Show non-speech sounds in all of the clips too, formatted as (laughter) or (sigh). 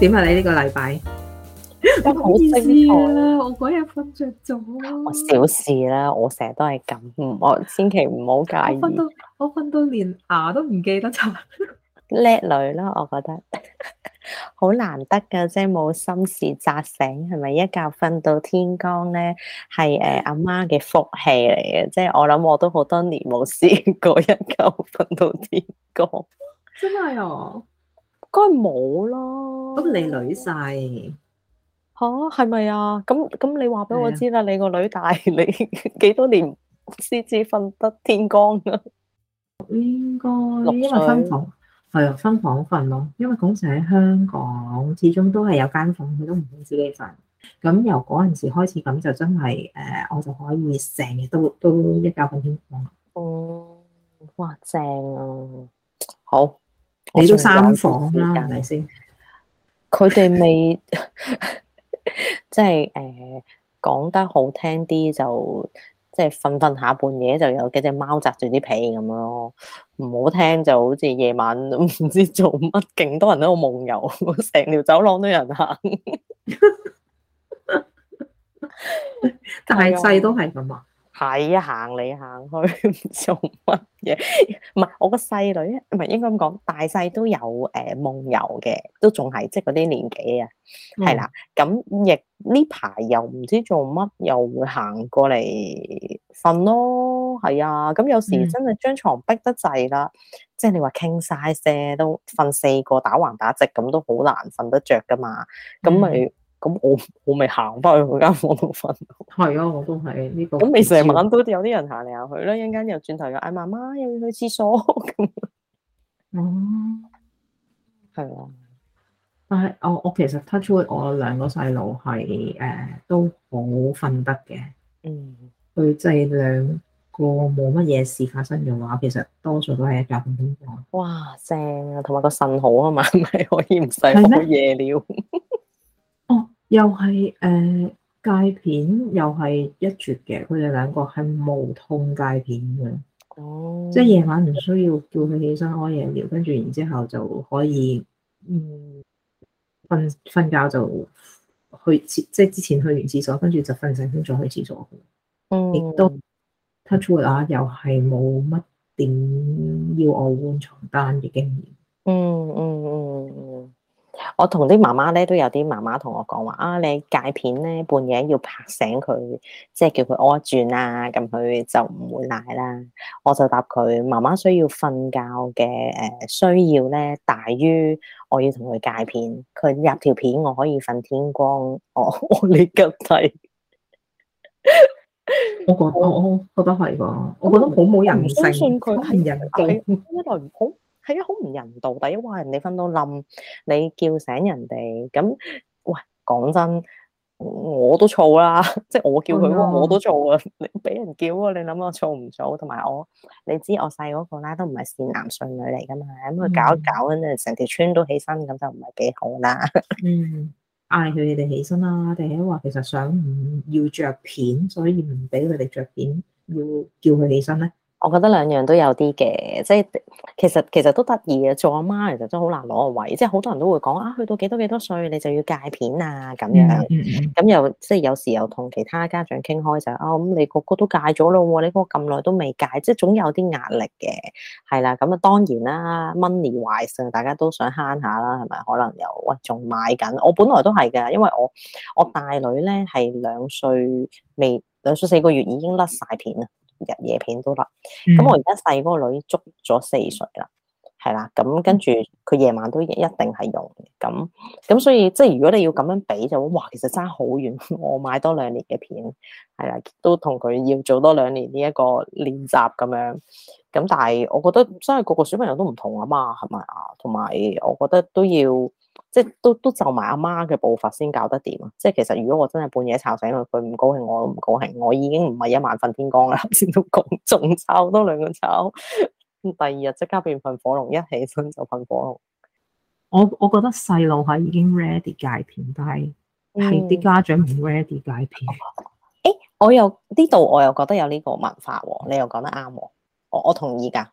點啊！你呢個禮拜我好正常啦，我嗰日瞓着咗，我小事啦，我成日都係咁，我千祈唔好介意。我瞓到，我瞓到連牙都唔記得刷， (laughs) 叻女啦，我覺得好 (laughs) 難得噶，即係冇心事扎醒，係咪一覺瞓到天光咧？係誒，阿媽嘅福氣嚟嘅，即係我諗我都好多年冇試過一覺瞓到天光，真係啊！應該冇咯。咁你女細嚇係咪啊？咁咁你話俾我知啦。你個女大你幾多年先至瞓得天光啊？應該因為分房係啊，分房瞓咯。因為嗰時喺香港，始終都係有間房，佢都唔會自己瞓。咁由嗰陣時開始，咁就真係誒，我就可以成日都都一覺瞓天光。哦，哇，正啊！好。你都三房啦，係咪先？佢哋未，即係誒、講、呃、得好聽啲就即係瞓瞓下半夜就有幾隻貓扎住啲被咁樣咯。唔好聽就好似夜晚唔知做乜，勁多人喺度夢遊，成條走廊都有人行。 (laughs) (laughs) 大細都係咁啊！ (laughs) 係啊，行嚟行去做乜嘢？唔 (laughs) 係我個細女，唔係應該咁講，大細都有誒夢遊嘅，都仲係即係嗰啲年紀啊，係啦、嗯。咁亦呢排又唔知做乜，又會行過嚟瞓咯。係啊，咁有時真係張床逼得滯啦，嗯、即係你話傾晒聲都瞓四個打橫打直咁都好難瞓得着噶嘛，咁咪。嗯咁我我咪行翻去佢間房度瞓。係啊，我都係呢個。咁未成晚都有啲人行嚟行去啦，一陣間又轉頭又嗌，媽媽又要去廁所咁。哦，係啊。但係我我其實 touch 我兩個細路係誒都好瞓得嘅。嗯。佢制兩個冇乜嘢事發生嘅話，其實多數都係一覺瞓到。哇正啊！同埋個腎好啊嘛，咪可以唔使補夜尿。又係誒，戒、呃、片又係一絕嘅，佢哋兩個係無痛戒片嘅，oh. 即係夜晚唔需要叫佢起身屙夜尿，跟住然之後，後就可以，嗯，瞓瞓覺就去廁，即係之前去完廁所，跟住就瞓醒先再去廁所嘅，oh. 亦都、oh. Touchwood 啊、er，又係冇乜點要我換床單嘅經驗，嗯嗯嗯嗯。我同啲媽媽咧都有啲媽媽同我講話啊，你戒片咧，半夜要拍醒佢，即係叫佢屙一轉啦，咁佢就唔會瀨啦。我就答佢，媽媽需要瞓覺嘅誒需要咧大於我要同佢戒片，佢入條片我可以瞓天光，我、哦哦、你急遞，我覺得我覺得係啩，我覺得好冇我人性，唔相信佢係人嚟，一來唔通。 (laughs) 係啊，好唔人道！第一話人哋瞓到冧，你叫醒人哋咁，喂，講真，我都燥啦，即係我叫佢，我都燥啊！你俾人叫啊，你諗我燥唔燥？同埋我，你知我細嗰個啦，都唔係善男信女嚟噶嘛，咁佢搞一搞，誒，成條村都起身，咁就唔係幾好啦。嗯，嗌佢哋起身啦！定係話其實想唔要著片，所以唔俾佢哋著片，要叫佢起身咧？我覺得兩樣都有啲嘅，即係其實其實都得意嘅。做阿媽其實都好難攞個位，即係好多人都會講啊，去到幾多幾多歲你就要戒片啊咁樣。咁、嗯嗯嗯、又即係有時又同其他家長傾開就啊，咁、嗯、你個個都戒咗咯、啊，你個個咁耐都未戒，即係總有啲壓力嘅。係啦，咁、嗯、啊當然啦，money wise，大家都想慳下啦，係咪？可能又喂仲買緊，我本來都係噶，因為我我大女咧係兩歲未，兩歲四個月已經甩晒片啊。日夜片都得。咁我而家細嗰個女足咗四歲啦，係啦，咁跟住佢夜晚都一定係用，咁咁所以即係如果你要咁樣比就哇，其實差好遠，我買多兩年嘅片，係啦，都同佢要做多兩年呢一個練習咁樣，咁但係我覺得真係個個小朋友都唔同啊嘛，係咪啊？同埋我覺得都要。即係都都就埋阿媽嘅步伐先搞得掂，啊。即係其實如果我真係半夜吵醒佢，佢唔高興，我唔高興。我已經唔係一晚瞓天光啦，先都仲仲，吵多兩個吵，第二日即刻變噴火龍，一起身就噴火龍。我我覺得細路係已經 ready 戒片，但係係啲家長唔 ready 戒片。誒、欸，我又呢度我又覺得有呢個文化，你又講得啱，我我同意噶，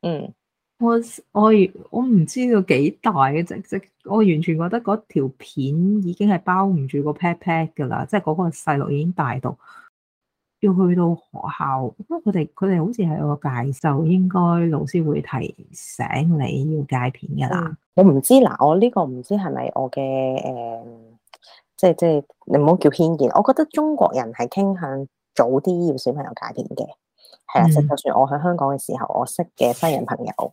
嗯。我我我唔知道幾大嘅，即即我完全覺得嗰條片已經係包唔住個 pat pat 噶啦，即係嗰個細路已經大到要去到學校，因為佢哋佢哋好似係有個介紹，應該老師會提醒你要戒片噶啦、嗯。我唔知嗱，我呢個唔知係咪我嘅誒、嗯，即即你唔好叫偏見，我覺得中國人係傾向早啲要小朋友戒片嘅。係啊，即係就算我喺香港嘅時候，我識嘅西人朋友，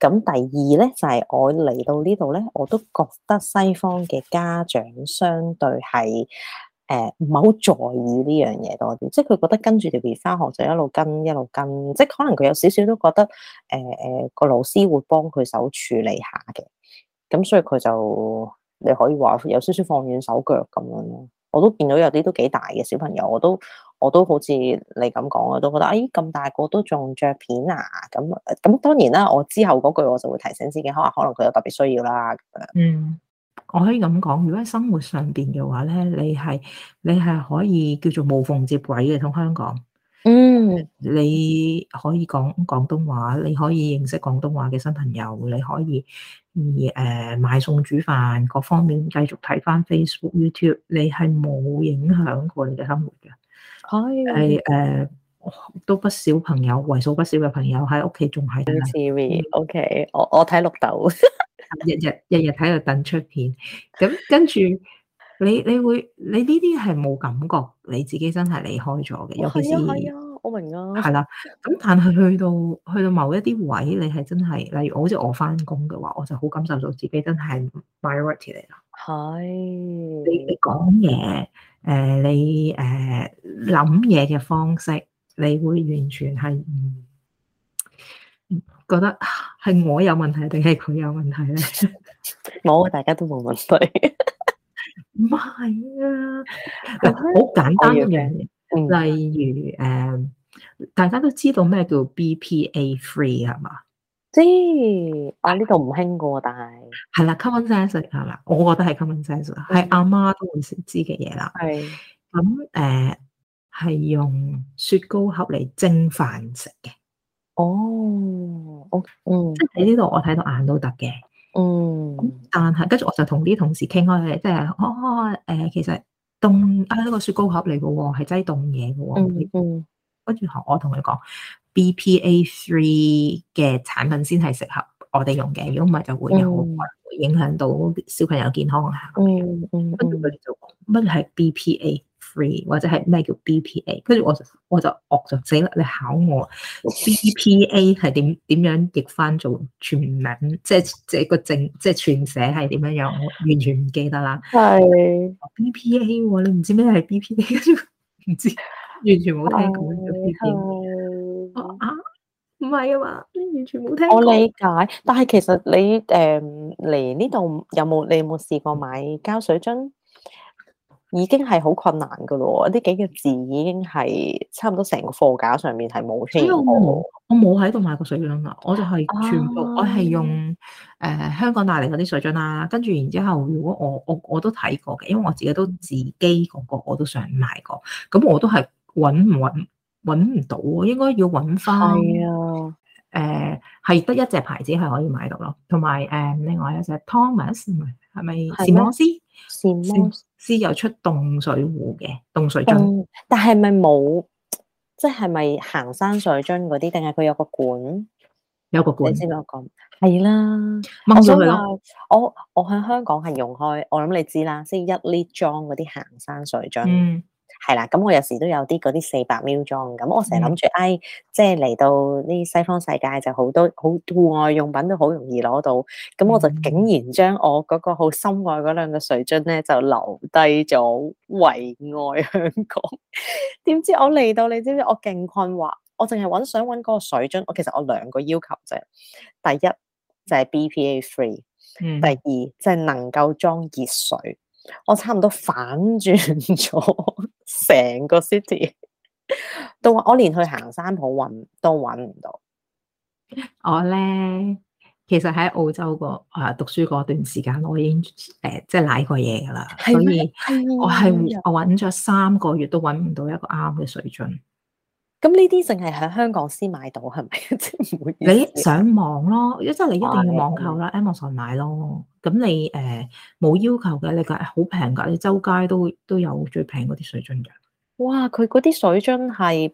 咁第二咧，就係、是、我嚟到呢度咧，我都覺得西方嘅家長相對係誒唔係好在意呢樣嘢多啲，即係佢覺得跟住條兒返學就一路跟一路跟，即係可能佢有少少都覺得誒誒、呃、個老師會幫佢手處理下嘅。咁所以佢就你可以話有少少放軟手腳咁樣咯。我都見到有啲都幾大嘅小朋友，我都。我都好似你咁講，我都覺得，哎，咁大個都仲着片啊咁，咁當然啦，我之後嗰句我就會提醒自己，可能可能佢有特別需要啦。嗯，我可以咁講，如果喺生活上面嘅話咧，你係你係可以叫做無縫接軌嘅，同香港。嗯，你可以講廣東話，你可以認識廣東話嘅新朋友，你可以而誒、呃、買餸煮飯各方面繼續睇返 Facebook、YouTube，你係冇影響過你嘅生活嘅。嗯。係誒，Hi, uh, 都不少朋友，為數不少嘅朋友喺屋企仲係睇 TV，OK，、okay, 我我睇綠豆，日日日日喺度等出片。咁跟住，你你會你呢啲係冇感覺，你自己真係離開咗嘅。尤其、哦、是，、啊是啊、我明啊。係啦、啊，咁但係去到去到某一啲位，你係真係，例如好似我翻工嘅話，我就好感受到自己真係 minority 嚟啦。係是。你你講嘢。誒，uh, 你誒諗嘢嘅方式，你會完全係唔、嗯、覺得係我有問題定係佢有問題咧？冇 (laughs) 啊，大家都冇問題。唔 (laughs) 係啊，好、 (laughs) 嗯、簡單一樣嘢。例如誒，uh, 大家都知道咩叫 BPA-free 係嘛？即係呢度唔興噶，但係係啦，common sense 係咪啊？我覺得係 common sense，係阿媽都會識知嘅嘢啦。係咁誒，係、嗯呃、用雪糕盒嚟蒸飯食嘅。哦，O，嗯，即係喺呢度我睇到眼都得嘅。嗯，嗯，但係跟住我就同啲同事傾開嘅，即、就、係、是、哦誒、呃，其實凍啊，一、這個雪糕盒嚟嘅喎，係擠凍嘢嘅喎。嗯。嗯。跟住我同佢講 BPA-free 嘅產品先係適合我哋用嘅，如果唔係就會有可能會影響到小朋友健康啊咁樣。跟住佢哋就講乜係 BPA-free 或者係咩叫 BPA？跟住我就我就惡就死啦！你考我 BPA 係點點樣譯翻做全名？即係即係個正即係、就是、全寫係點樣樣？我完全唔記得啦。係 BPA 喎，你唔知咩係 BPA？唔知。完全冇聽過、哦、啊，唔係啊嘛，完全冇聽過。我理解，但係其實你誒嚟呢度有冇你有冇試過買膠水樽？已經係好困難噶咯，呢幾個字已經係差唔多成個貨架上面係冇。因為我冇，我冇喺度買過水樽啊，我就係全部、啊、我係用誒、呃、香港大利嗰啲水樽啦。跟住然之後，如果我我我都睇過嘅，因為我自己都自己一個一個我都想買過，咁我都係。揾唔揾？揾唔到喎、啊，應該要揾返。係啊，係得、呃、一隻牌子係可以買到咯，同埋誒另外一隻 Thomas 係咪史摩斯、啊？史摩斯有出凍水壺嘅凍水樽，但係咪冇？即係咪行山水樽嗰啲？定係佢有個管？有個管，你知唔知我講？係啦、啊，踎咗咪我我喺香港係用開，我諗你知啦，即係一 Lit 裝嗰啲行山水樽。嗯係啦，咁我有時都有啲嗰啲四百 ml 裝，咁我成日諗住，mm. 唉，即係嚟到呢西方世界就好多好戶外用品都好容易攞到，咁我就竟然將我嗰個好深愛嗰兩個水樽咧就留低咗，遺愛香港。點 (laughs) 知我嚟到，你知唔知我勁困惑？我淨係揾想揾嗰個水樽，我其實我兩個要求啫，第一就係、是、BPA free，第二即係、就是、能夠裝熱水。我差唔多反轉咗成個 city，到我連去行山鋪揾都揾唔到。我咧其實喺澳洲個啊、呃、讀書嗰段時間，我已經誒、呃、即係瀨過嘢噶啦，嗎所以我係嗎我揾咗三個月都揾唔到一個啱嘅水樽。咁呢啲淨係喺香港先買到係咪？即係唔會你上網咯，即係你一定要網購啦，Amazon 買咯。咁你誒冇、呃、要求嘅，你覺得好平噶，你周街都都有最平嗰啲水樽嘅。哇！佢嗰啲水樽係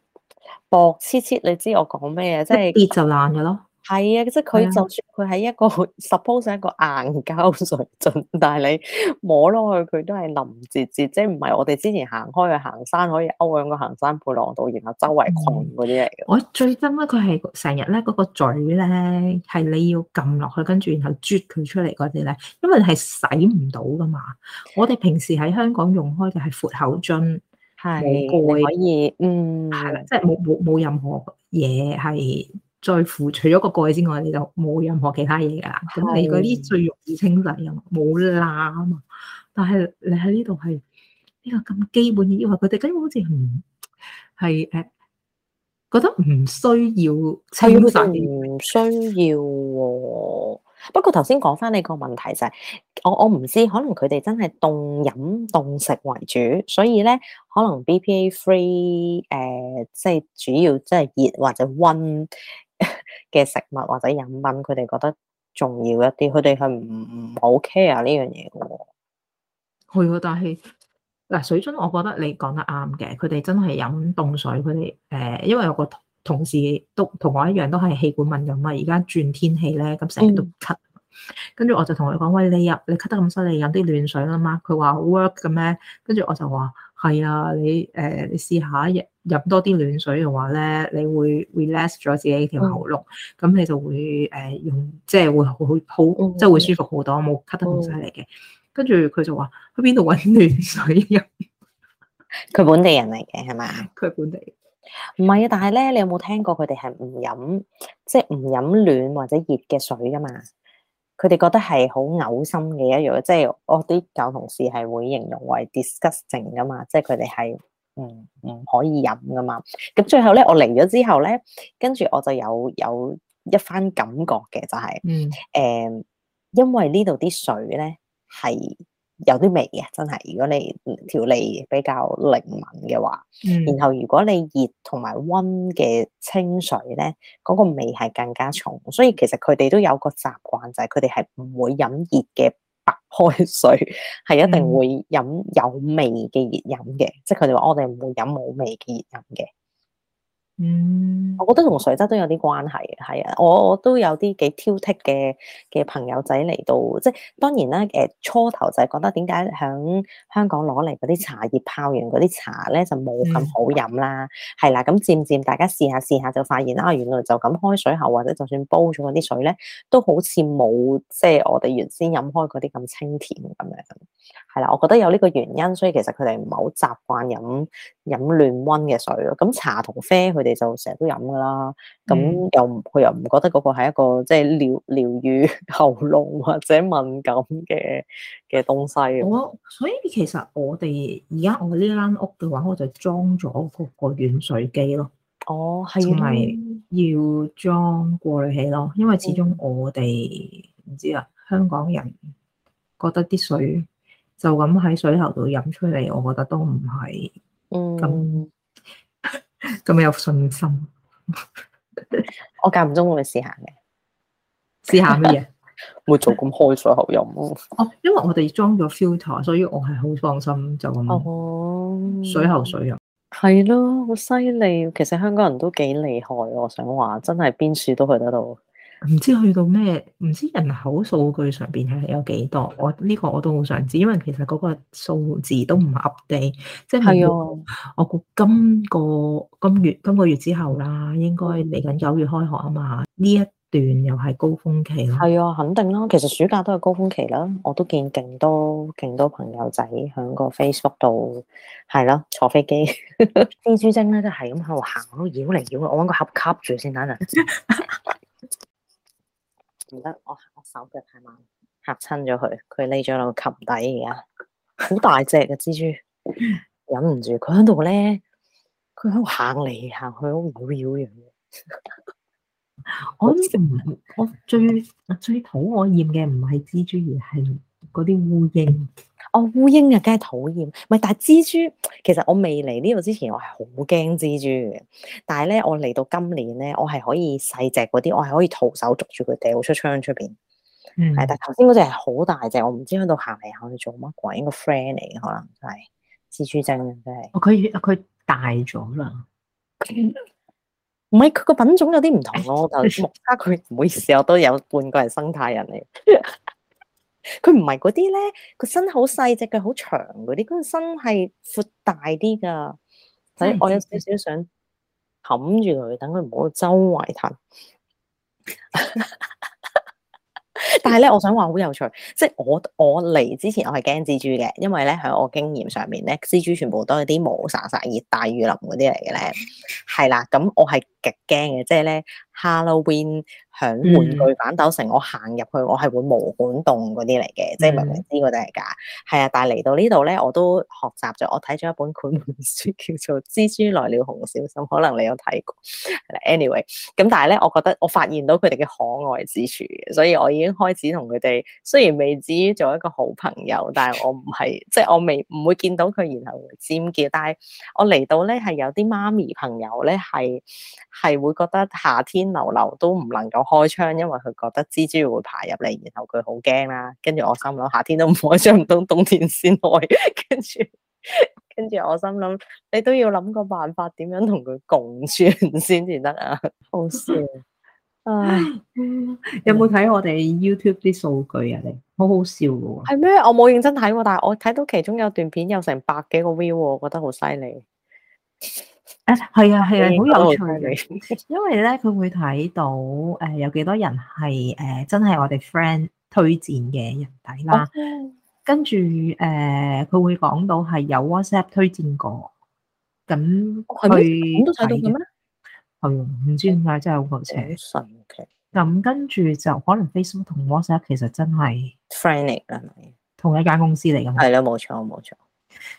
薄黐黐，你知道我講咩啊？即係一跌就爛嘅咯。係啊，即係佢就算佢喺一個、啊、suppose 係一個硬膠水樽，但係你摸落去佢都係腍質質，即係唔係我哋之前行開去行山，可以勾喺個行山背囊度，然後周圍困嗰啲嚟。我最憎咧，佢係成日咧嗰個嘴咧，係你要撳落去，跟住然後啜佢出嚟嗰啲咧，因為係洗唔到噶嘛。我哋平時喺香港用開嘅係闊口樽，係攰，可以，嗯，係啦，即係冇冇冇任何嘢係。在乎除咗個蓋之外，你就冇任何其他嘢㗎啦。咁、oh. 你嗰啲最容易清洗啊冇啦啊嘛。但係你喺呢度係呢個咁基本嘅要求，佢哋根本好似唔係誒，覺得唔需要清洗，唔需要喎、啊。不過頭先講翻你個問題就係、是，我我唔知，可能佢哋真係凍飲凍食為主，所以咧可能 BPA-free 誒、呃，即係主要即係熱或者温。嘅食物或者飲品，佢哋覺得重要一啲，佢哋係唔唔好 care 呢樣嘢㗎喎。係喎， (noise) 但係嗱水樽，我覺得你講得啱嘅。佢哋真係飲凍水，佢哋誒，因為我個同事都同我一樣都係氣管敏感啊。而家轉天氣咧，咁成日都咳，跟住、嗯、我就同佢講：喂，你入你咳得咁犀利，飲啲暖水啦嘛。佢話好 work 嘅咩？跟住我就話。係啊，你誒、呃、你試下日飲多啲暖水嘅話咧，你會 relax 咗自己條喉嚨，咁、哦、你就會誒用、呃、即係會好好、哦、即係會舒服好多，冇咳得好犀利嘅。跟住佢就話去邊度揾暖水飲？佢本地人嚟嘅係咪？佢本地人，唔係啊，但係咧，你有冇聽過佢哋係唔飲即係唔飲暖或者熱嘅水噶嘛？佢哋覺得係好嘔心嘅一樣，即係我啲舊同事係會形容為 disgusting 㗎嘛，即係佢哋係唔唔可以飲㗎嘛。咁最後咧，我嚟咗之後咧，跟住我就有有一番感覺嘅就係、是，誒、嗯，uh，因為呢度啲水咧係。有啲味嘅，真係。如果你條脷比較靈敏嘅話，嗯、然後如果你熱同埋溫嘅清水咧，嗰、嗰個味係更加重。所以其實佢哋都有個習慣，就係佢哋係唔會飲熱嘅白開水，係一定會飲有味嘅熱飲嘅。嗯、即係佢哋話，我哋唔會飲冇味嘅熱飲嘅。嗯，我覺得同水質都有啲關係嘅，係啊，我我都有啲幾挑剔嘅嘅朋友仔嚟到，即係當然啦，誒、呃，初頭就係覺得點解響香港攞嚟嗰啲茶葉泡完嗰啲茶咧就冇咁好飲啦，係啦、嗯，咁漸漸大家試下試下就發現啦、啊，原來就咁開水喉，或者就算煲咗嗰啲水咧，都好似冇即係我哋原先飲開嗰啲咁清甜咁樣。係啦，我覺得有呢個原因，所以其實佢哋唔係好習慣飲飲暖溫嘅水咯。咁茶同啡佢哋就成日都飲㗎啦。咁、嗯、又佢又唔覺得嗰個係一個即係、就是、療療愈喉、喉嚨或者敏感嘅嘅東西。我所以其實我哋而家我呢間屋嘅話，我就裝咗個個軟水機咯。哦，係啊，要裝過濾器咯，因為始終我哋唔、嗯、知啊，香港人覺得啲水，就咁喺水喉度飲出嚟，我覺得都唔係，咁咁、嗯、 (laughs) 有信心。 (laughs) 我間唔中會試下嘅，試下乜嘢？ (laughs) 會做咁開水喉飲 (laughs) 哦，因為我哋裝咗 filter，所以我係好放心，就咁。哦，水喉水飲。係咯，oh，好犀利。其實香港人都幾厲害，我想話，真係邊處都去得到。唔知去到咩？唔知人口數據上邊係有幾多？我呢個我都好想知，因為其實嗰個數字都唔合地。即係的我估今個今月今個月之後啦，應該嚟緊九月開學啊嘛，呢一段又係高峰期。係啊，肯定啦。其實暑假都係高峰期啦。我都見勁多勁多朋友仔喺個 Facebook 度係咯，坐飛機。 (laughs) 蜘蛛精咧都係咁喺度行，喎繞嚟繞去。我揾個盒吸住先，等陣。唔得，我手腳太慢，嚇親咗佢，佢匿咗落個琴底而家，好大隻嘅蜘蛛，忍唔住，佢喺度咧，佢喺度行嚟行去，好妖樣。 (laughs) 我唔，我最最討我厭嘅唔係蜘蛛而係嗰啲烏蠅。哦，烏蠅啊，梗係討厭。唔係，但係蜘蛛其實我未嚟呢度之前，我係好驚蜘蛛嘅。但係咧，我嚟到今年咧，我係可以細隻嗰啲，我係可以徒手捉住佢掉出窗出邊。係，但係頭先嗰隻係好大隻，我唔知喺度行嚟行去做乜鬼，應該 friend 嚟嘅可能係蜘蛛精，真係。佢佢大咗啦，唔係佢個品種有啲唔同咯。就而家佢唔好意思，我都有半個人生態人嚟。佢唔係嗰啲咧，個身好細，隻腳好長嗰啲，佢個身係闊大啲噶，所以的我有少少想冚住佢，等佢唔好周圍彈。 (laughs) 但係咧，我想話好有趣，即係我我嚟之前我係驚蜘蛛嘅，因為咧喺我經驗上面咧，蜘蛛全部都係啲毛曬曬熱帶雨林嗰啲嚟嘅咧，係啦，咁我係極驚嘅，即係咧 Halloween 響玩具反斗城我，我行入去我係會毛管戙嗰啲嚟嘅，嗯、即係明明知個都係假，係啊，但係嚟到呢度咧，我都學習咗，我睇咗一本繪本,本書叫做《蜘蛛來了，紅小心》，可能你有睇過，a n y、anyway, w a y 咁但係咧，我覺得我發現到佢哋嘅可愛之處嘅，所以我已經開。只同佢哋，雖然未至於做一個好朋友，但係我唔係，即係我未唔會見到佢，然後尖叫。但係我嚟到咧，係有啲媽咪朋友咧，係係會覺得夏天流流都唔能夠開窗，因為佢覺得蜘蛛會爬入嚟，然後佢好驚啦。跟住我心諗，夏天都唔開，開，窗， (laughs) 唔通冬天先開？跟住跟住我心諗，你都要諗個辦法，點樣同佢共存先至得啊！好笑。唉，有冇睇我哋 YouTube 啲數據啊？你好好笑喎，係咩？我冇認真睇，但係我睇到其中有段片有成百幾個 view，我覺得好犀利。誒，係啊，係啊，啊啊有好有趣。 (laughs) 因為咧，佢會睇到誒、呃，有幾多人係誒、呃，真係我哋 friend 推薦嘅人睇啦。哦、跟住誒，佢、呃、會講到係有 WhatsApp 推薦過，咁佢。都睇、哦、到嘅咩？唔知點解真係好鬼邪，好神奇，咁跟住就可能 Facebook 同 WhatsApp 其實真係 friend 嚟㗎，同一間公司嚟㗎，係啦，冇錯冇錯。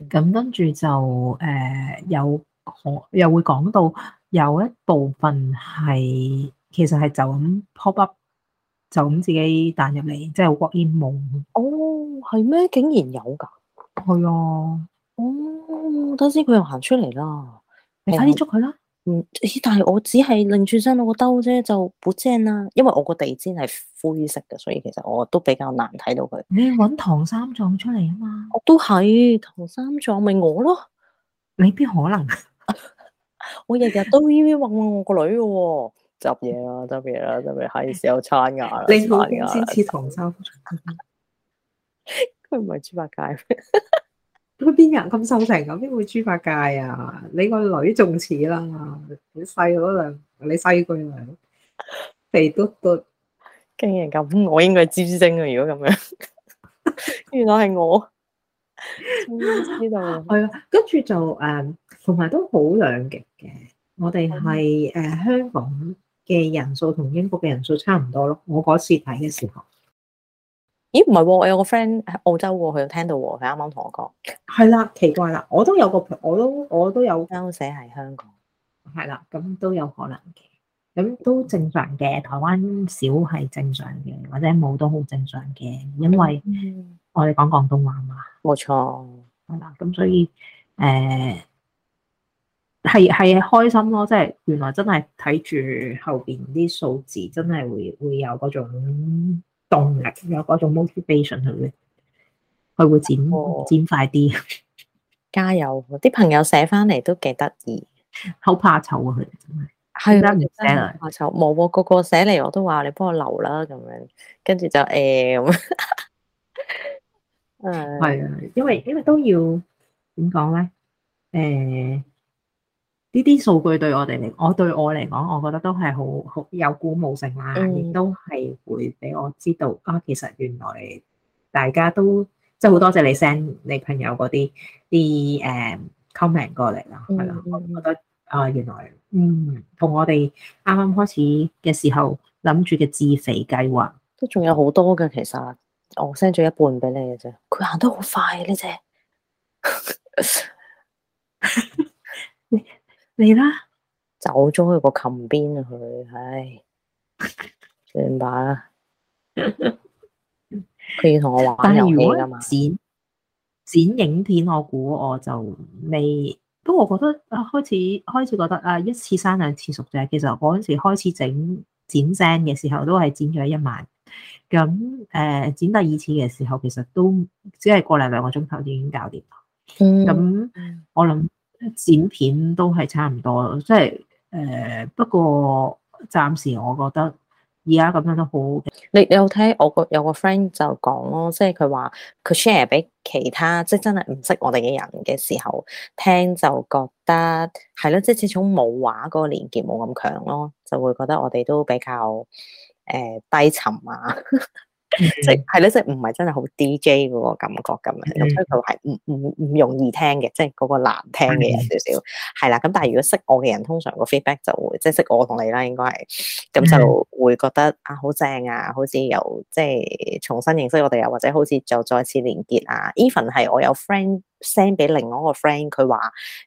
咁跟住就誒有、呃、又、又會講到有一部分係其實係就咁 pop up，就咁自己彈入嚟，即係好撲煙夢。哦，係咩？竟然有㗎？係啊。哦，等陣先，佢又行出嚟啦！你快啲捉佢啦！嗯，但係我只係擰轉，轉身我個兜啫，就好正啦。因為我個地氈係灰色嘅，所以其實我都比較難睇到佢。你揾唐三藏出嚟啊嘛？我都係唐三藏咪我咯，未必可能？ (laughs) 我日日都依依揾我個女嘅，執嘢啦，執嘢啦，執嘢係時候刷牙啦，刷牙啦。先似唐三藏。佢唔係豬八戒。 (laughs) 佢邊人咁瘦成咁？邊會豬八戒啊？你個女仲似啦、啊，你細嗰兩，你細個兩，肥嘟嘟，竟然咁，我應該係蜘蛛精啊！如果咁樣， (laughs) 原來係是我，知道係啊。跟住就誒，同埋都好兩極嘅。我哋係誒香港嘅人數同英國嘅人數差唔多咯。我嗰次睇嘅時候。咦，唔係喎，我有個 friend 喺澳洲喎，佢有聽到喎，佢啱啱同我講，係啦，奇怪啦，我都有個，我都我都有間，寫喺香港，係啦，咁都有可能嘅，咁都正常嘅，台灣少係正常嘅，或者冇都好正常嘅，因為我哋講廣東話嘛，冇錯，係啦，咁所以誒係係開心咯，即係原來真係睇住後邊啲數字真係會會有嗰種。有嗰種 motivation 係咪？佢會剪、哦、剪快啲。加油！啲朋友寫翻嚟都幾得意。好怕醜啊！佢係真係怕醜，無無的個個寫嚟，我都話你幫我留啦咁樣。跟住就誒，係、嗯、啊， (laughs) 因為因為都要點講咧？誒。欸呢啲數據對我哋嚟，我對我嚟講，我覺得都係好好有鼓舞性啦，啊，亦、嗯、都係會俾我知道啊。其實原來大家都即係好多謝你 send 你朋友嗰啲啲誒 comment 過嚟啦，係啦，我覺得啊原來嗯同我哋啱啱開始嘅時候諗住嘅自肥計劃都仲有好多嘅，其實我 send 咗一半俾你嘅啫。佢行得好快嘅啫。 (laughs) (laughs) 你啦，走咗去個琴邊去。唉，算罷啦。佢要同我玩遊戲噶嘛？剪剪影片，我估我就未。不過我覺得啊，開始開始覺得啊，一次生兩次熟啫。其實我嗰時開始整剪聲嘅時候，都係剪咗一晚。咁誒、呃，剪第二次嘅時候，其實都只係過嚟兩個鐘頭已經搞掂啦。咁、嗯、我諗。剪片都係差唔多，即係誒，不過暫時我覺得而家咁樣都好嘅。你有睇我個有個 friend 就講咯，即係佢話佢 share 俾其他即係、就是、真係唔識我哋嘅人嘅時候，聽就覺得係咯，即係、就是、始終冇話嗰個連結冇咁強咯，就會覺得我哋都比較誒、呃、低沉啊。 (laughs) 即係咧，即係唔係真係好 D J 嗰個感覺咁樣，咁 (noise) 所以佢係唔唔唔容易聽嘅，即係嗰個難聽嘅有少少，係啦。咁 (noise) 但係如果識我嘅人，通常個 feedback 就會，即係識我同你啦，應該係，咁就會覺得啊好正啊，好似又即係重新認識我哋啊，或者好似就再次連結啊。even 係我有 friend send 俾另外一個 friend，佢話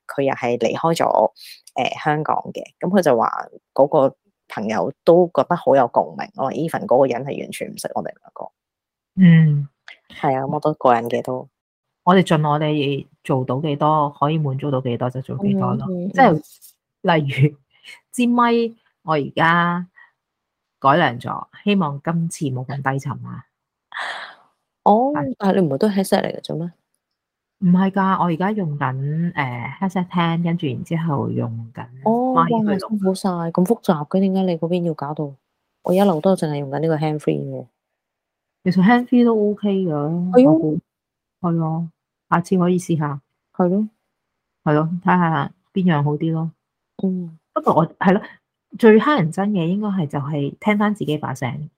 佢又係離開咗誒、呃、香港嘅，咁佢就話嗰、嗰個。朋友都覺得好有共鳴，我話 even 嗰個人係完全唔識我哋兩個。嗯，係啊，我覺得個人嘅都。我哋盡我哋做到幾多，可以滿足到幾多就做幾多咯。嗯、即係例如支咪，咪我而家改良咗，希望今次冇咁低沉啊。哦，是但係你唔會都係 set 嚟嘅做咩？唔係噶，我而家用緊誒，Headset t 跟住然之後用緊，哦，好佢晒，咁複雜嘅，點解你嗰邊要搞到？我一路都淨係用緊呢個 Hands Free 嘅，其實 Hands Free 都 OK 嘅，係咯呀，係咯、哦，下次可以試下，係呀、嗯、咯，係咯，睇下邊樣好啲咯。嗯，不過我係咯，最乞人憎嘅應該係就係聽翻自己把聲，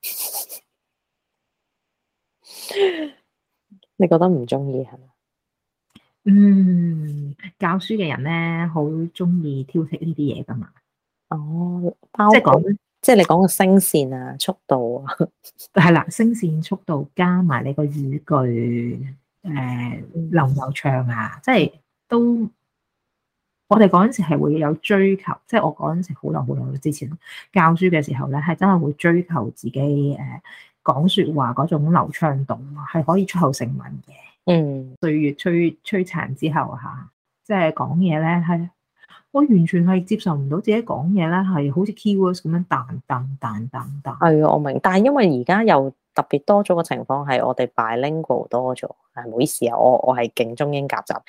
(laughs) (laughs) 你覺得唔中意係？嗯，教書嘅人咧，好中意挑剔呢啲嘢噶嘛？哦，即係講，即係你講個聲線啊，速度啊，係 (laughs) 啦，聲線、速度加埋你個語句誒、呃、流流暢啊，即係都，我哋嗰陣時係會有追求，即係我嗰陣時好耐好耐之前教書嘅時候咧，係真係會追求自己誒講、呃、說話嗰種流暢度，係可以出口成文嘅。嗯，歲月摧摧殘之後吓，即係講嘢咧，係我完全係接受唔到自己講嘢咧，係好似 key words 咁樣，彈彈彈彈彈。係啊、哎，我明。但係因為而家又特別多咗個情況係我哋 bilingual 多咗，係、哎、唔好意思啊，我我係勁中英夾雜，誒、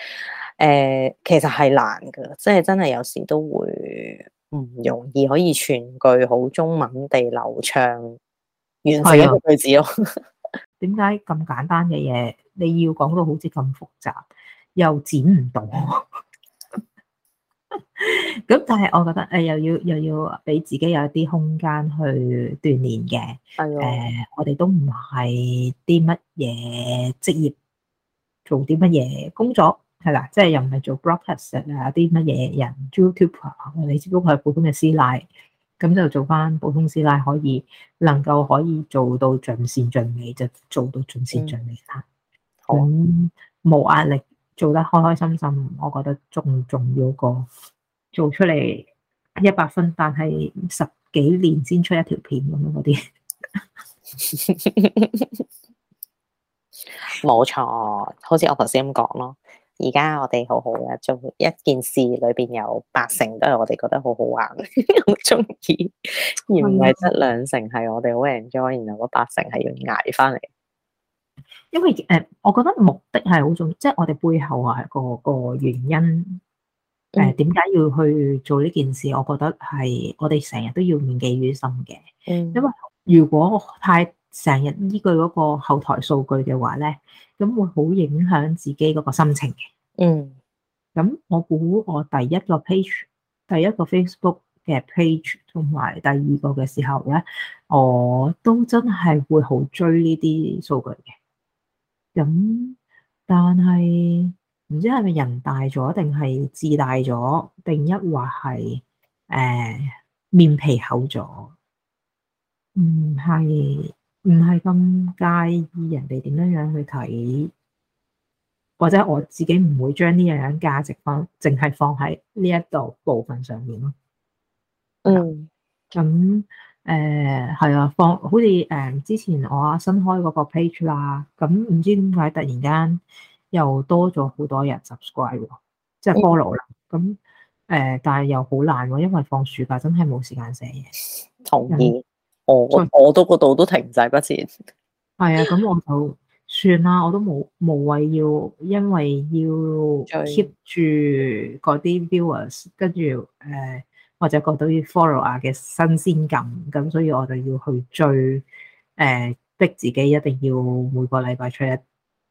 呃，其實係難噶，即係真係有時都會唔容易可以全句好中文地流暢完成一個句子咯。點解咁簡單嘅嘢？你要講到好似咁複雜，又剪唔到，咁 (laughs) 但係我覺得誒、哎、又要又要俾自己有一啲空間去鍛鍊嘅。係誒、哎呦呃，我哋都唔係啲乜嘢職業做啲乜嘢工作係啦，即係又唔係做 broadcast 啊啲乜嘢人 YouTuber，你只不過係普通嘅師奶，咁就做翻普通師奶，可以能夠可以做到盡善盡美，就做到盡善盡美啦。嗯講冇壓力做得開開心心，我覺得仲重要過做出嚟一百分，但係十幾年先出一條片咁樣嗰啲。冇錯， (laughs) (laughs) 好似我頭先咁講咯。而家我哋好好嘅，做一件事裏邊有八成都係我哋覺得好好玩，好中意，而唔係得兩成係我哋好 enjoy，然後嗰八成係要挨翻嚟。因為誒，我覺得目的係好重要，即係我哋背後啊個個原因，誒點解要去做呢件事？我覺得係我哋成日都要銘記於心嘅。嗯。因為如果太成日依據嗰個後台數據嘅話咧，咁會好影響自己嗰個心情嘅。嗯。咁我估我第一個 page，第一個 Facebook 嘅 page，同埋第二個嘅時候咧，我都真係會好追呢啲數據嘅。咁、嗯，但係唔知係咪人大咗，定係自大咗，定抑或係誒面皮厚咗，唔係唔係咁介意人哋點樣樣去睇，或者我自己唔會將呢樣樣價值放，淨係放喺呢一度部分上面咯，嗯嗯。嗯，咁。誒，係、uh, 啊，放好似誒，uh, 之前我新開嗰個 page 啦，咁、嗯、唔知點解突然間又多咗好多人 s u 即係 follow 啦。咁誒、嗯，但係又好難，因為放暑假真係冇時間寫嘢。同意，人我從我都嗰度都停晒筆先。係啊，咁我就算啦，我都冇、啊、無謂要因為要 keep 住嗰啲 viewers，跟住誒。Uh, 或者覺到啲 follower 嘅新鮮感，咁所以我就要去追，誒、呃、逼自己一定要每個禮拜出一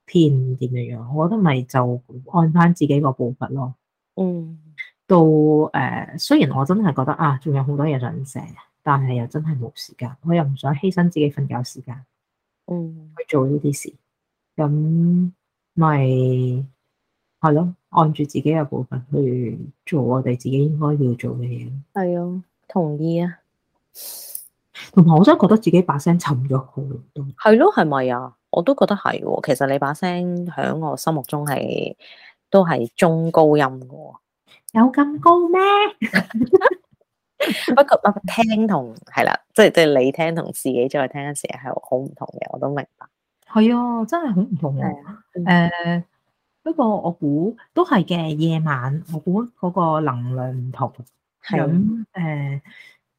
篇點樣樣，我覺得咪就按翻自己個步伐咯。嗯。到誒、呃，雖然我真係覺得啊，仲有好多嘢想寫，但係又真係冇時間，我又唔想犧牲自己瞓覺時間，嗯、去做呢啲事，咁咪。係咯，按住自己嘅部分去做我哋自己應該要做嘅嘢。係啊，同意啊。同埋，我真係覺得自己把聲沉咗好多。係咯，係咪啊？我都覺得係。其實你把聲響我心目中係都係中高音嘅。有咁高咩？ (laughs) (laughs) 不過我聽同係啦，即係即係你聽同自己再聽嘅時候係好唔同嘅，我都明白。係啊，真係好唔同嘅。誒的。 (laughs) (laughs) 不過我估都係嘅，夜晚我估嗰個能量唔同，咁誒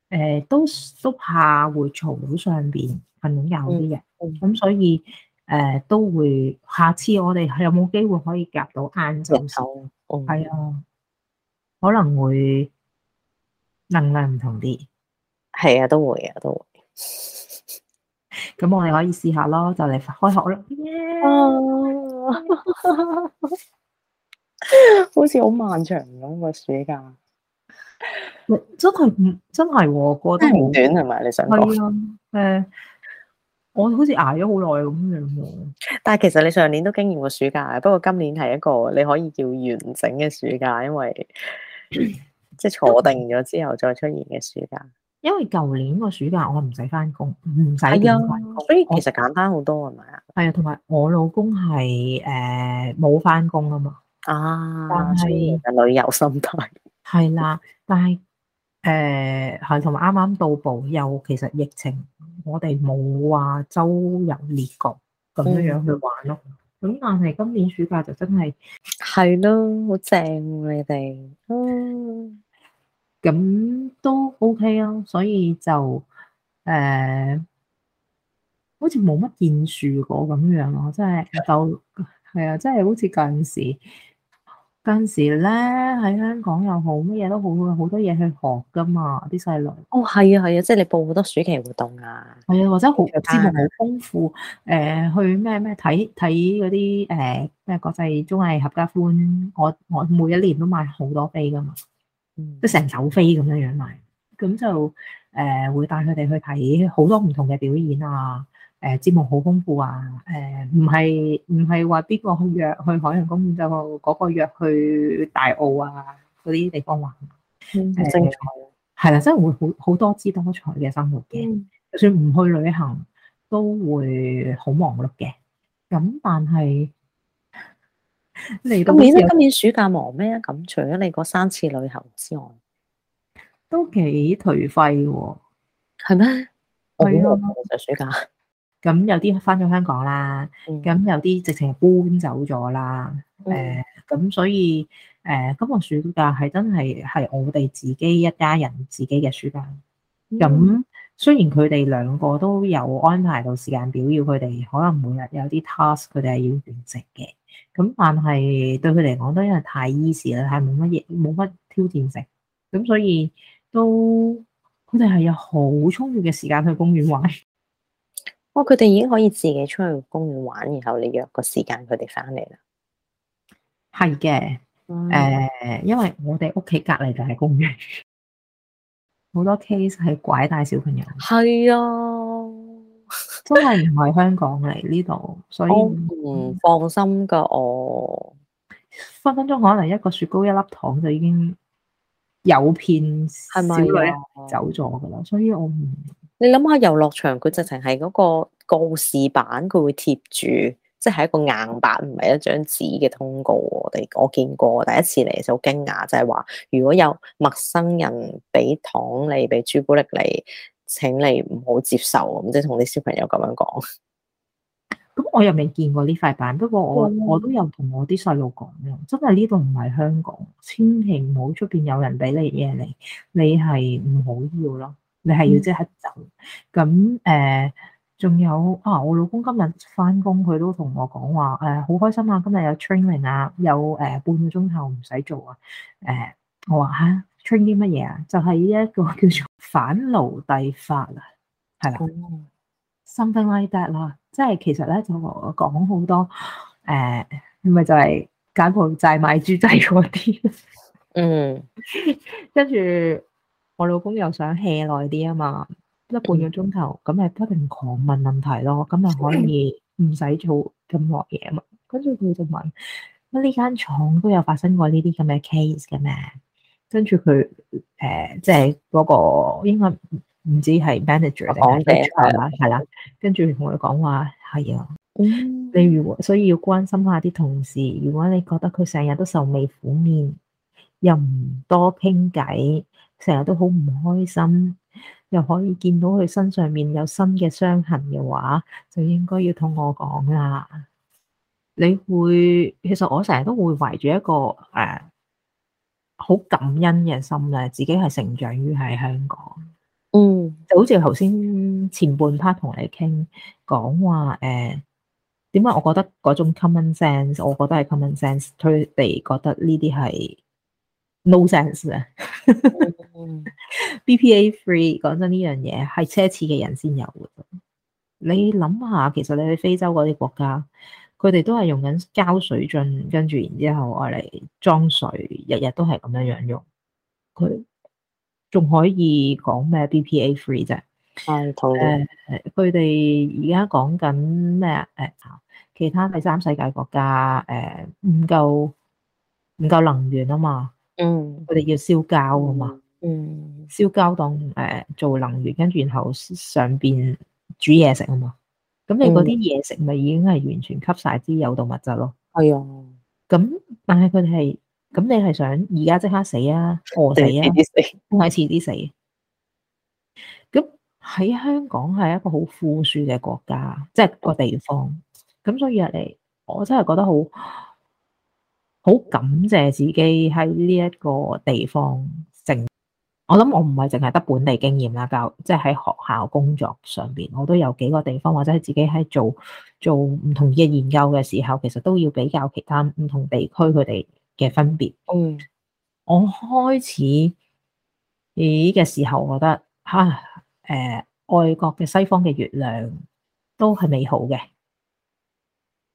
誒都都怕會嘈到上邊瞓唔到覺啲人，咁、嗯嗯嗯嗯、所以誒都會。下次我哋有冇機會可以夾到晏晝收？係啊、嗯，可能會能量唔同啲。係啊，都會啊，都會。咁我哋可以試下咯，就嚟開學啦。Yeah! (laughs) 好似好漫長咁個暑假，真係唔真係，我覺得唔短係咪？你想講？誒、啊呃，我好似挨咗好耐咁樣。但係其實你上年都經驗過暑假，不過今年係一個你可以叫完整嘅暑假，因為即係、就是、坐定咗之後再出現嘅暑假。因為舊年個暑假我唔使翻工，唔使翻工，係啊的，我所以其實簡單好多係咪啊？係啊我，同埋我老公係誒冇翻工啊嘛，啊，但係是旅遊心態係啦，但係誒係同埋啱啱到步，又其實疫情我哋冇話周遊列國咁樣樣去玩咯，咁、嗯、但係今年暑假就真係係咯，好正你哋。嗯咁都 OK 啊，所以就誒、呃，好似冇乜建樹過咁樣咯，即係就係、是、啊，即係的、就是、好似近時近時咧喺香港又好，乜嘢都好，好多嘢去學噶嘛，啲細路。哦，係啊，係啊，即係你報好多暑期活動啊，係啊，或者好節目好豐富，誒、呃，去咩咩睇睇嗰啲誒咩國際綜藝合家歡，我我每一年都買好多飛噶嘛。都成走飛咁樣樣埋，咁就誒會帶佢哋去睇好多唔同嘅表演啊，誒、呃、節目好豐富啊，誒唔係唔係話邊個去約去海洋公園就嗰個約去大澳啊嗰啲地方玩，啊，嗯呃、精彩，係啦，真係會好好多姿多彩嘅生活嘅，嗯、就算唔去旅行都會好忙碌嘅，咁但係。今年今年暑假忙咩啊？咁除咗你嗰三次旅行之外，都幾頹廢喎，係咩？係咯，就暑假。咁有啲翻咗香港啦，咁、嗯、有啲直情搬走咗啦。誒、嗯，咁、呃、所以誒，今、呃那個暑假係真係係我哋自己一家人自己嘅暑假。咁、嗯、雖然佢哋兩個都有安排到時間表要，要佢哋可能每日有啲 task，佢哋係要完成嘅。咁但係對佢嚟講都因為太 easy 啦，係冇乜嘢，冇乜挑戰性。咁所以都佢哋係有好充裕嘅時間去公園玩。哦，佢哋已經可以自己出去公園玩，然後你約個時間佢哋翻嚟啦。係嘅的，誒，嗯，呃，因為我哋屋企隔籬就係公園，好多 case 係拐帶小朋友。係啊。真係唔係香港，嚟呢度，所以我唔放心噶。我分分鐘可能一個雪糕、一粒糖就已經有片係咪？走咗噶啦。所以我唔，你諗下遊樂場佢直情係嗰個告示板，佢會貼住，即係一個硬板，唔係一張紙嘅通告。我哋我見過，第一次嚟就好驚訝，就係話如果有陌生人俾糖你，俾朱古力你，請你唔好接受，咁即係同啲小朋友咁樣講。咁我又未見過呢塊板，不過我我都有同我啲細路講咯。真係呢度唔係香港，千祈唔好出邊有人俾你嘢你，你係唔好要咯。你係要即刻走。咁誒、嗯，仲、呃、有啊，我老公今日返工，佢都同我講話誒，好、呃、開心啊！今日有 training 啊，有誒、呃、半個鐘頭唔使做啊。誒、呃，我話吓。傾啲乜嘢啊？就係、是、一個叫做反奴隸法啊，係啦、哦、something like that 啦。即係其實咧，就我講好多誒，唔、呃、係就係柬埔寨賣豬仔嗰啲。 (laughs) 嗯，跟住 (laughs) 我老公又想 hea 耐啲啊嘛，一半個鐘頭，咁咪、嗯、不停狂問問題咯，咁咪、嗯、可以唔使做咁多嘢啊嘛。跟住佢就問：乜呢間廠都有發生過呢啲咁嘅 case 嘅咩？跟住佢誒，即係嗰、那個應該唔唔知係 manager 定係啦，係啦的。跟住同佢講話係啊，嗯、你如果所以要關心下啲同事，如果你覺得佢成日都愁眉苦面，又唔多傾偈，成日都好唔開心，又可以見到佢身上面有新嘅傷痕嘅話，就應該要同我講啦。你會其實我成日都會懷住一個誒。呃好感恩嘅心咧，自己係成長於喺香港。嗯，就好似頭先前半 part 同你傾講話，誒點解我覺得嗰種 common sense，我覺得係 common sense，佢哋覺得呢啲係 no sense 啊。BPA free，講真呢樣嘢係奢侈嘅人先有嘅。你諗下，其實你去非洲嗰啲國家。佢哋都係用緊膠水樽，跟住然之後愛嚟裝水，日日都係咁樣樣用。佢仲可以講咩 BPA-free 啫？係佢哋而家講緊咩？誒，其他第三世界國家誒，唔夠唔夠能源啊嘛，嗯嘛嗯。嗯。佢哋要燒膠啊嘛。嗯、呃。燒膠當誒做能源，跟住然後上邊煮嘢食啊嘛。咁、嗯、你嗰啲嘢食咪已經係完全吸晒啲有毒物質咯？係啊，咁但係佢哋係，咁你係想而家即刻死啊，餓死啊，定係遲啲死、啊？咁喺香港係一個好富庶嘅國家，即係個地方。咁所以嚟，我真係覺得好好感謝自己喺呢一個地方。我諗我唔係淨係得本地經驗啦，教即係喺學校工作上邊，我都有幾個地方或者係自己喺做做唔同嘅研究嘅時候，其實都要比較其他唔同地區佢哋嘅分別。嗯，我開始咦嘅時候，我覺得吓誒，外國嘅西方嘅月亮都係美好嘅。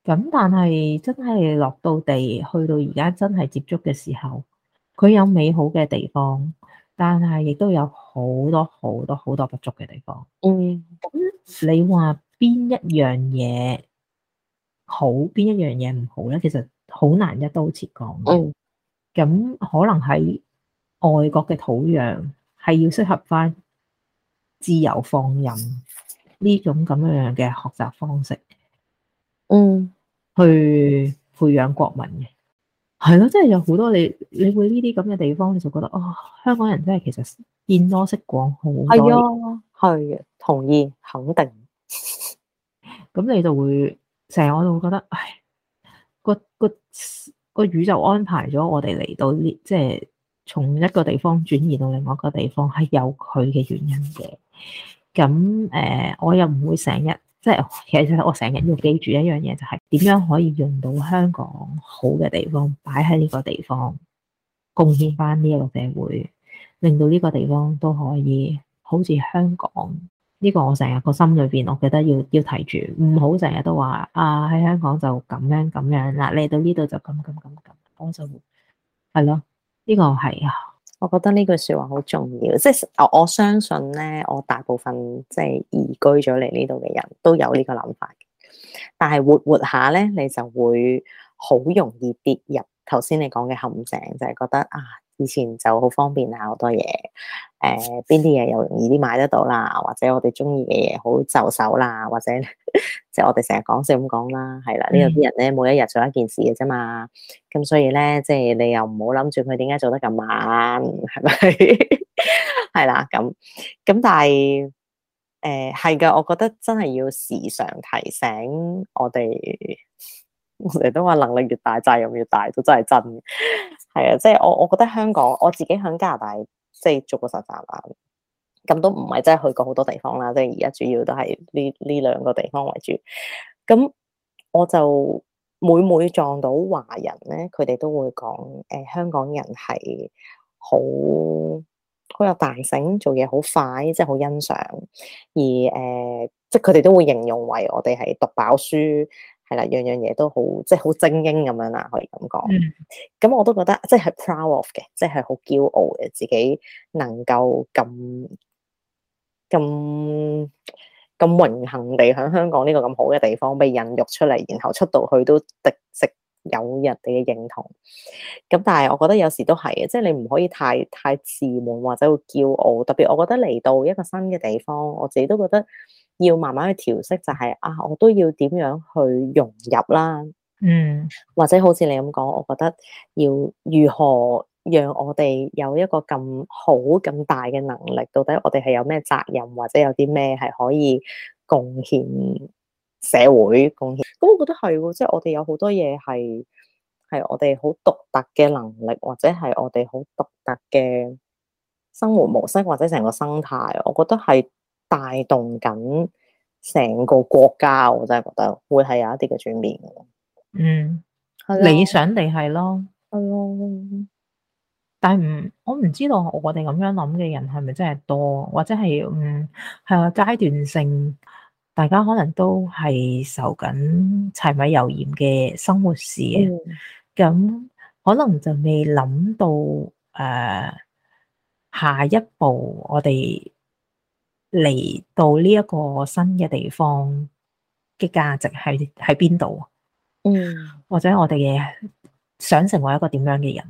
咁但係真係落到地去到而家真係接觸嘅時候，佢有美好嘅地方。但係亦都有好多好多好多不足嘅地方。嗯，咁你話邊一樣嘢好，邊一樣嘢唔好咧？其實好難一刀切講。哦、嗯，咁可能喺外國嘅土壤係要適合翻自由放任呢種咁樣樣嘅學習方式，嗯，去培養國民嘅。係咯，即係有好多你，你會呢啲咁嘅地方，你就覺得哦，香港人真係其實見多識廣多，好多係啊，係嘅，同意肯定。咁你就會成日我就會覺得，唉，個個個宇宙安排咗我哋嚟到呢，即係從一個地方轉移到另外一個地方，係有佢嘅原因嘅。咁誒、呃，我又唔會成日。即係其實我成日要記住一樣嘢，就係，就係點樣可以用到香港好嘅地方擺喺呢個地方，貢獻翻呢一個社會，令到呢個地方都可以好似香港呢、呢個我。我成日個心裏邊，我記得要要提住，唔好成日都話啊喺香港就咁樣咁樣啦，嚟到呢度就咁咁咁咁。我就會，係咯，呢、呢個係我覺得呢句説話好重要，即係我，我相信咧，我大部分即係移居咗嚟呢度嘅人都有呢個諗法，但係活活下咧，你就會好容易跌入頭先你講嘅陷阱，就係覺得啊。以前就好方便啊，好多嘢，誒、呃，邊啲嘢又容易啲買得到啦，或者我哋中意嘅嘢好就手啦，或者即係 (laughs) 我哋成日講笑咁講啦，係啦，嗯、呢度啲人咧，每一日做一件事嘅啫嘛，咁所以咧，即、就、係、是、你又唔好諗住佢點解做得咁慢，係咪？係 (laughs) 啦， (laughs) 咁咁但係，誒、呃，係㗎，我覺得真係要時常提醒我哋。 (laughs) 我哋都話能力越大，責任越大，都真係真係啊，即 (laughs) 係我，我覺得香港我自己喺加拿大，即係做過實習啦。咁都唔係真係去過好多地方啦，即係而家主要都係呢呢兩個地方為主。咁我就每每撞到華人咧，佢哋都會講誒、呃，香港人係好好有彈性，做嘢好快，即係好欣賞。而誒、呃，即係佢哋都會形容為我哋係讀飽書。係啦，樣樣嘢都好，即係好精英咁樣啦，可以咁講。咁、嗯、我都覺得，即係 proud of 嘅，即係好驕傲嘅自己能夠咁咁咁榮幸地喺香港呢個咁好嘅地方被孕育出嚟，然後出到去都一直有人哋嘅認同。咁但係，我覺得有時都係嘅，即係你唔可以太太自滿或者好驕傲。特別，我覺得嚟到一個新嘅地方，我自己都覺得。要慢慢去調適，就係、是、啊，我都要點樣去融入啦。嗯，或者好似你咁講，我覺得要如何讓我哋有一個咁好咁大嘅能力，到底我哋係有咩責任，或者有啲咩係可以貢獻社會貢獻？咁、嗯、我覺得係，即、就、係、是、我哋有好多嘢係係我哋好獨特嘅能力，或者係我哋好獨特嘅生活模式，或者成個生態，我覺得係。帶動緊成個國家，我真係覺得會係有一啲嘅轉變。嗯，理想地係咯，係咯。但係唔，我唔知道我哋咁樣諗嘅人係咪真係多，或者係嗯係啊階段性，大家可能都係受緊柴米油鹽嘅生活事啊。咁可能就未諗到誒，下一步我哋。嚟到呢一個新嘅地方嘅價值係喺邊度啊？嗯，或者我哋嘢想成為一個點樣嘅人？誒、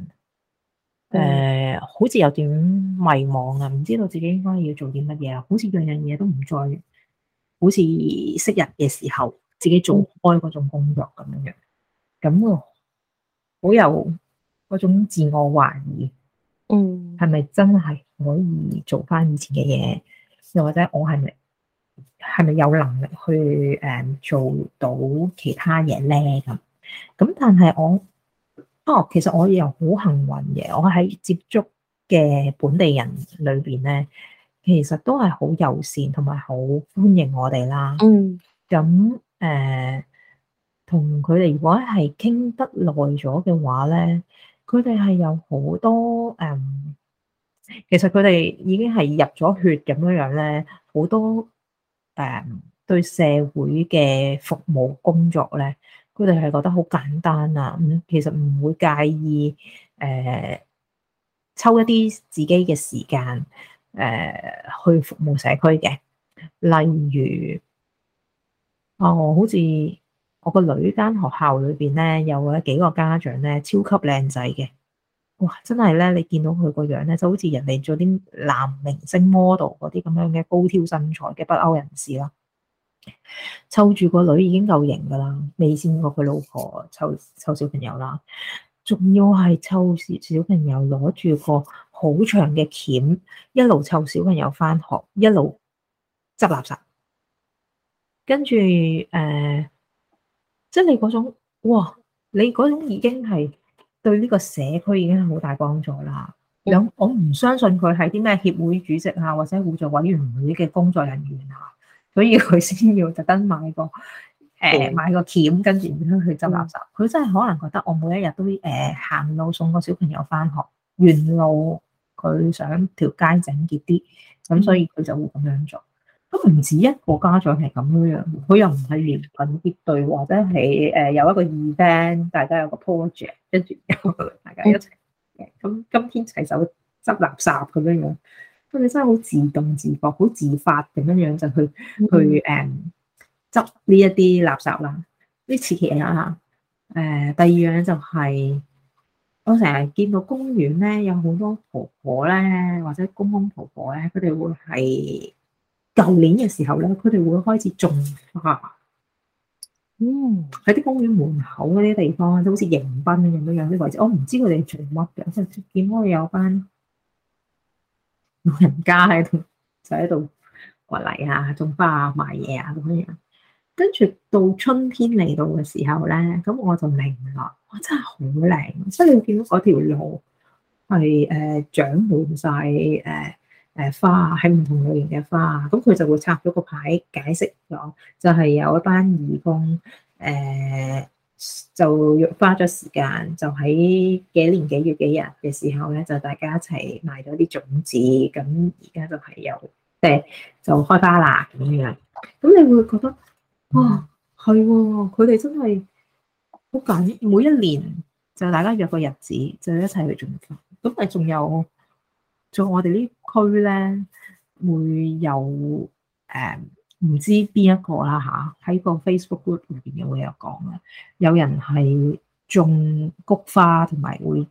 嗯呃，好似有點迷茫啊，唔知道自己應該要做啲乜嘢啊，好似樣樣嘢都唔再好似適人嘅時候自己做開嗰種工作咁樣，咁好有嗰種自我懷疑。嗯，係咪真係可以做翻以前嘅嘢？又或者我係咪係咪有能力去誒做到其他嘢咧？咁？咁但係我哦，其實我又好幸運嘅，我喺接觸嘅本地人裏邊咧，其實都係好友善同埋好歡迎我哋啦。嗯。咁誒，同佢哋如果係傾得耐咗嘅話咧，佢哋係有好多誒。呃其實佢哋已經係入咗血咁樣樣咧，好多誒對社會嘅服務工作咧，佢哋係覺得好簡單啊。咁其實唔會介意誒、呃、抽一啲自己嘅時間誒、呃、去服務社區嘅。例如，啊、哦，好，我好似我個女間學校裏邊咧，有啊幾個家長咧，超級靚仔嘅。哇真係咧，你見到佢個樣咧，就好似人哋做啲男明星 model 嗰啲咁樣嘅高挑身材嘅北歐人士啦，湊住個女已經夠型噶啦，未見過佢老婆湊湊小朋友啦，仲要係湊小朋友攞住個好長嘅鉗，一路湊小朋友翻學，一路執垃圾，跟住誒、呃，即係你嗰種，哇，你嗰種已經係～對呢個社區已經係好大幫助啦。咁我唔相信佢係啲咩協會主席啊，或者互助委員會嘅工作人員啊，所以佢先要特登買個誒、呃、買個鉗，跟住去執垃圾。佢、嗯、真係可能覺得我每一日都誒、呃、行路送個小朋友翻學，沿路佢想條街整潔啲，咁所以佢就會咁樣做。都唔止一個家長係咁樣樣，佢又唔係聯群結隊，或者係誒有一個 event，大家有個 project，跟住大家一齊咁。嗯、今天齊手執垃圾咁樣樣，佢哋真係好自動自覺，好自發咁樣樣就去、嗯、去誒執呢一啲垃圾啦。呢次嘅嚇誒，第二樣就係、是、我成日見到公園咧，有好多婆婆咧，或者公公婆婆咧，佢哋會係。舊年嘅時候咧，佢哋會開始種花。嗯，喺啲公園門口嗰啲地方，就好似迎賓咁樣樣啲位置。我唔知佢哋做乜嘅，就見到有班老人家喺度，就喺度掘泥啊、種花啊、賣嘢啊咁樣。跟住到春天嚟到嘅時候咧，咁我就明啦，我真係好靚。所以你見到嗰條路係誒長滿晒誒。呃誒花係唔同類型嘅花，咁佢就會插咗個牌解釋咗。就係、是、有一班義工誒、呃，就花咗時間，就喺幾年幾月幾日嘅時候咧，就大家一齊買咗啲種子，咁而家就係有誒、就是、就開花啦咁樣。咁你會覺得哇，係喎、啊，佢哋真係好緊，每一年就大家約個日子，就一齊去種花。咁但係，仲有。做我哋呢區咧，會有誒唔、嗯、知邊一個啦嚇，喺、啊、個 Facebook group 入邊嘅會有講啊，有人係種菊花同埋會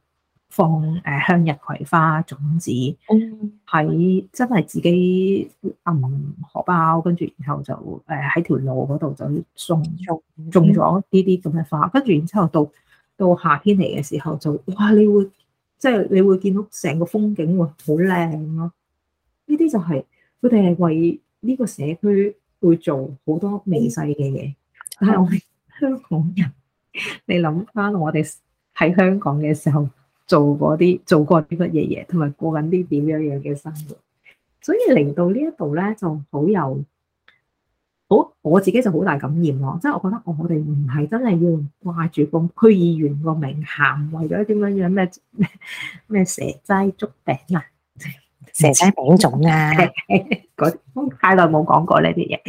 放誒向、啊、日葵花種子，係真係自己揞荷包，跟住然後就誒喺、啊、條路嗰度就送種子種種咗啲啲咁嘅花，跟住然之後到到夏天嚟嘅時候就哇你會～即係你會見到成個風景喎、啊，好靚咯！呢啲就係佢哋係為呢個社區會做好多微細嘅嘢。但係我哋、oh. 香港人，你諗翻我哋喺香港嘅時候做嗰啲做過呢個嘢嘢，同埋過緊啲點樣樣嘅生活，所以嚟到呢一度咧，就好有。好，我自己就好大感染喎，即係我覺得我哋唔係真係要掛住個區議員個名銜，為咗點樣樣咩咩蛇齋糭餅啊，蛇齋餅粽啊， (laughs) 太耐冇講過呢啲嘢，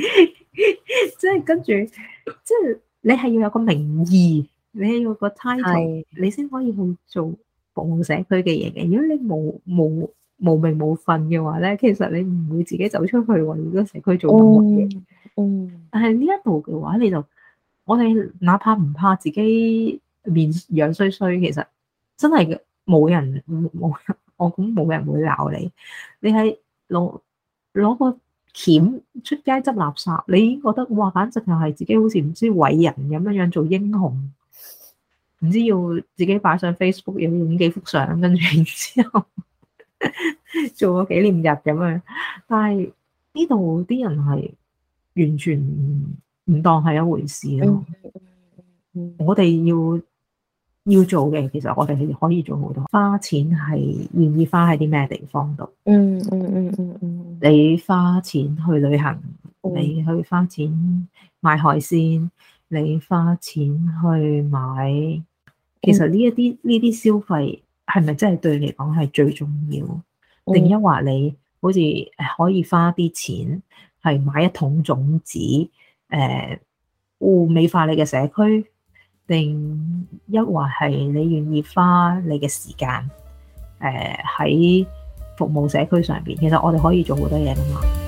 即係跟住，即係你係要有個名義， (laughs) 你要個 title，是你先可以去做服務社區嘅嘢嘅。如果你冇冇冇名冇份嘅話咧，其實你唔會自己走出去為咗社區做咁乜嘢。哦哦，但係呢一度嘅話，你就我哋哪怕唔怕自己面樣衰衰，其實真係冇人冇人，我咁冇人會鬧你。你係攞攞個鉗出街執垃圾，你已經覺得哇，簡直就係自己好似唔知偉人咁樣樣做英雄，唔知要自己擺上 Facebook 要影幾幅相，跟住之後 (laughs) 做個紀念日咁樣。但係呢度啲人係。完全唔唔當係一回事咯。嗯嗯、我哋要要做嘅，其實我哋可以做好多。花錢係願意花喺啲咩地方度，嗯。嗯嗯嗯嗯嗯。嗯，你花錢去旅行，嗯，你去花錢買海鮮，你花錢去買，其實呢一啲呢啲消費係咪真係對你嚟講係最重要？定一話，嗯，你好似可以花啲錢。係買一桶種子，誒、呃哦，美化你嘅社區，定抑或係你願意花你嘅時間，誒、呃，喺服務社區上邊，其實我哋可以做好多嘢㗎嘛。